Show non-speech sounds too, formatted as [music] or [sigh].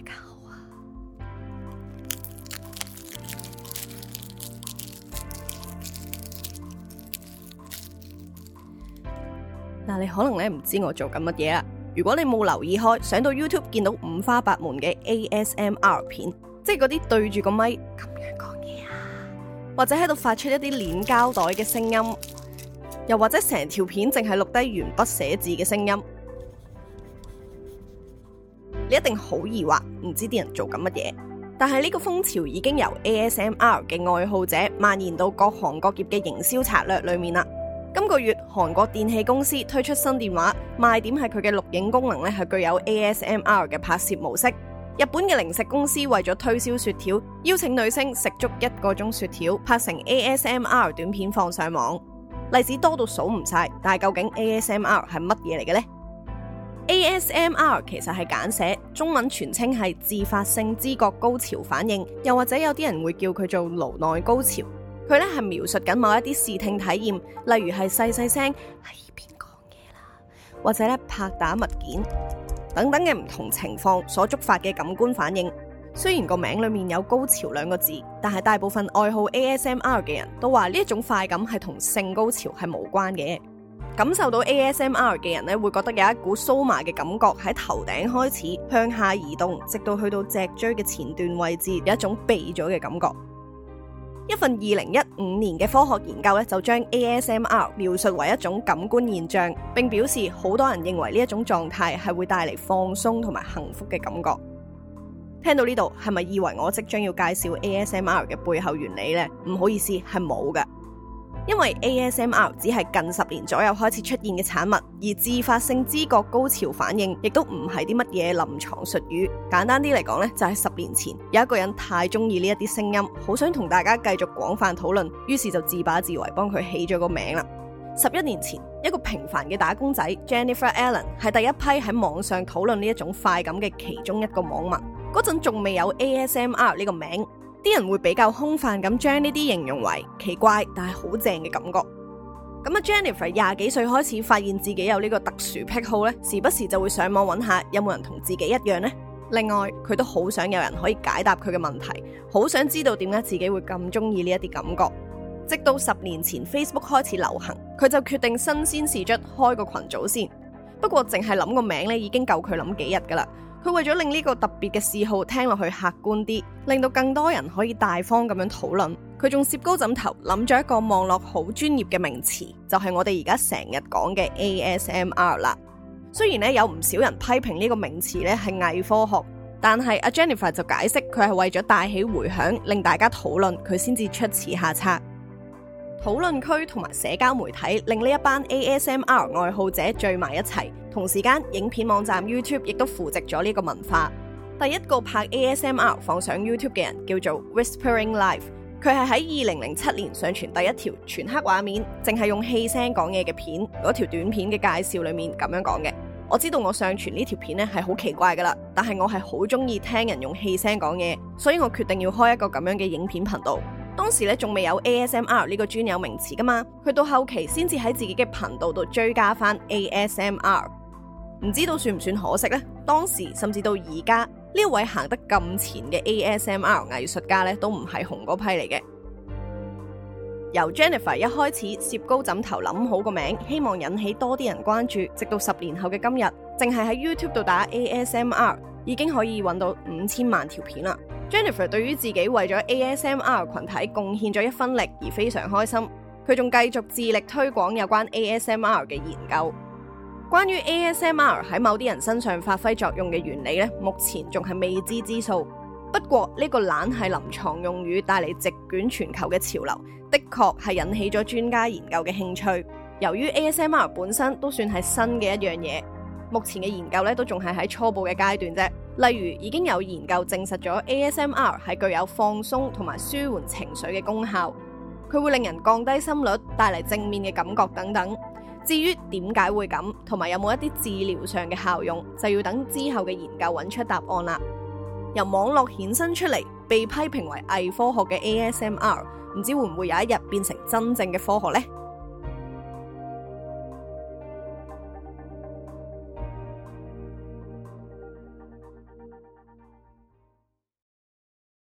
大家好啊，嗱，你可能咧唔知我做緊乜嘢啦。如果你冇留意開，上到 YouTube 見到五花八門嘅 ASMR 片，即係嗰啲對住個咪噉樣講嘢啊，或者喺度發出一啲鏈膠袋嘅聲音，又或者成條片淨係錄低鉛筆寫字嘅聲音，你一定好疑惑。唔知啲人做緊乜嘢，但係呢個風潮已經由 ASMR 嘅愛好者蔓延到各行各業嘅營銷策略裏面啦。今個月韓國電器公司推出新電話，賣點係佢嘅錄影功能咧係具有 ASMR 嘅拍攝模式。日本嘅零食公司為咗推銷雪條，邀請女星食足一個鐘雪條，拍成 ASMR 短片放上網。例子多到數唔晒，但係究竟 ASMR 係乜嘢嚟嘅呢？ASMR 其實係簡寫，中文全稱係自發性知覺高潮反應，又或者有啲人會叫佢做顱內高潮。佢咧係描述緊某一啲視聽體驗，例如係細細聲喺耳邊講嘢啦，或者咧拍打物件等等嘅唔同情況所觸發嘅感官反應。雖然個名裡面有高潮兩個字，但係大部分愛好 ASMR 嘅人都話呢一種快感係同性高潮係無關嘅。感受到 ASMR 嘅人咧，會覺得有一股酥麻嘅感覺喺頭頂開始向下移動，直到去到脊椎嘅前段位置，有一種痹咗嘅感覺。一份二零一五年嘅科學研究咧，就將 ASMR 描述為一種感官現象，並表示好多人認為呢一種狀態係會帶嚟放鬆同埋幸福嘅感覺。聽到呢度係咪以為我即將要介紹 ASMR 嘅背後原理呢？唔好意思，係冇㗎。因為 ASMR 只係近十年左右開始出現嘅產物，而自發性知覺高潮反應亦都唔係啲乜嘢臨床術語。簡單啲嚟講呢，就係十年前有一個人太中意呢一啲聲音，好想同大家繼續廣泛討論，於是就自把自為幫佢起咗個名啦。十一年前，一個平凡嘅打工仔 Jennifer Allen 係第一批喺網上討論呢一種快感嘅其中一個網民，嗰陣仲未有 ASMR 呢個名。啲人會比較空泛咁將呢啲形容為奇怪，但係好正嘅感覺。咁啊，Jennifer 廿幾歲開始發現自己有呢個特殊癖好咧，時不時就會上網揾下有冇人同自己一樣呢。另外，佢都好想有人可以解答佢嘅問題，好想知道點解自己會咁中意呢一啲感覺。直到十年前 Facebook 開始流行，佢就決定新鮮事出開個群組先。不過淨係諗個名咧，已經夠佢諗幾日噶啦。佢為咗令呢個特別嘅嗜好聽落去客觀啲，令到更多人可以大方咁樣討論。佢仲攝高枕頭，諗咗一個網絡好專業嘅名詞，就係我哋而家成日講嘅 ASMR 啦。雖然咧，有唔少人批評呢個名詞咧係偽科學，但係 Jennifer 就解釋佢係為咗帶起回響，令大家討論，佢先至出此下策。討論區同埋社交媒體令呢一班 ASMR 愛好者聚埋一齊。同時間，影片網站 YouTube 亦都扶植咗呢一個文化。第一個拍 ASMR 放上 YouTube 嘅人叫做 Whispering Life，佢係喺二零零七年上傳第一條全黑畫面，淨係用氣聲講嘢嘅片。嗰條短片嘅介紹裡面咁樣講嘅。我知道我上傳呢條片咧係好奇怪噶啦，但係我係好中意聽人用氣聲講嘢，所以我決定要開一個咁樣嘅影片頻道。當時咧仲未有 ASMR 呢個專有名詞噶嘛，佢到後期先至喺自己嘅頻道度追加返 ASMR。唔知道算唔算可惜呢？當時甚至到而家呢位行得咁前嘅 ASMR 藝術家咧，都唔係紅嗰批嚟嘅。由 Jennifer 一開始攝高枕頭諗好個名，希望引起多啲人關注，直到十年後嘅今日，淨係喺 YouTube 度打 ASMR 已經可以揾到五千萬條片啦。 [laughs] Jennifer 對於自己為咗 ASMR 羣體貢獻咗一分力而非常開心，佢仲繼續致力推廣有關 ASMR 嘅研究。關於 ASMR 喺某啲人身上發揮作用嘅原理咧，目前仲係未知之數。不過呢個懶係臨床用語帶嚟席捲全球嘅潮流，的確係引起咗專家研究嘅興趣。由於 ASMR 本身都算係新嘅一樣嘢，目前嘅研究咧都仲係喺初步嘅階段啫。例如已經有研究證實咗 ASMR 係具有放鬆同埋舒緩情緒嘅功效，佢會令人降低心率，帶嚟正面嘅感覺等等。至於點解會咁，同埋有冇一啲治療上嘅效用，就要等之後嘅研究揾出答案啦。由網絡衍生出嚟，被批評為偽科學嘅 ASMR，唔知會唔會有一日變成真正嘅科學呢？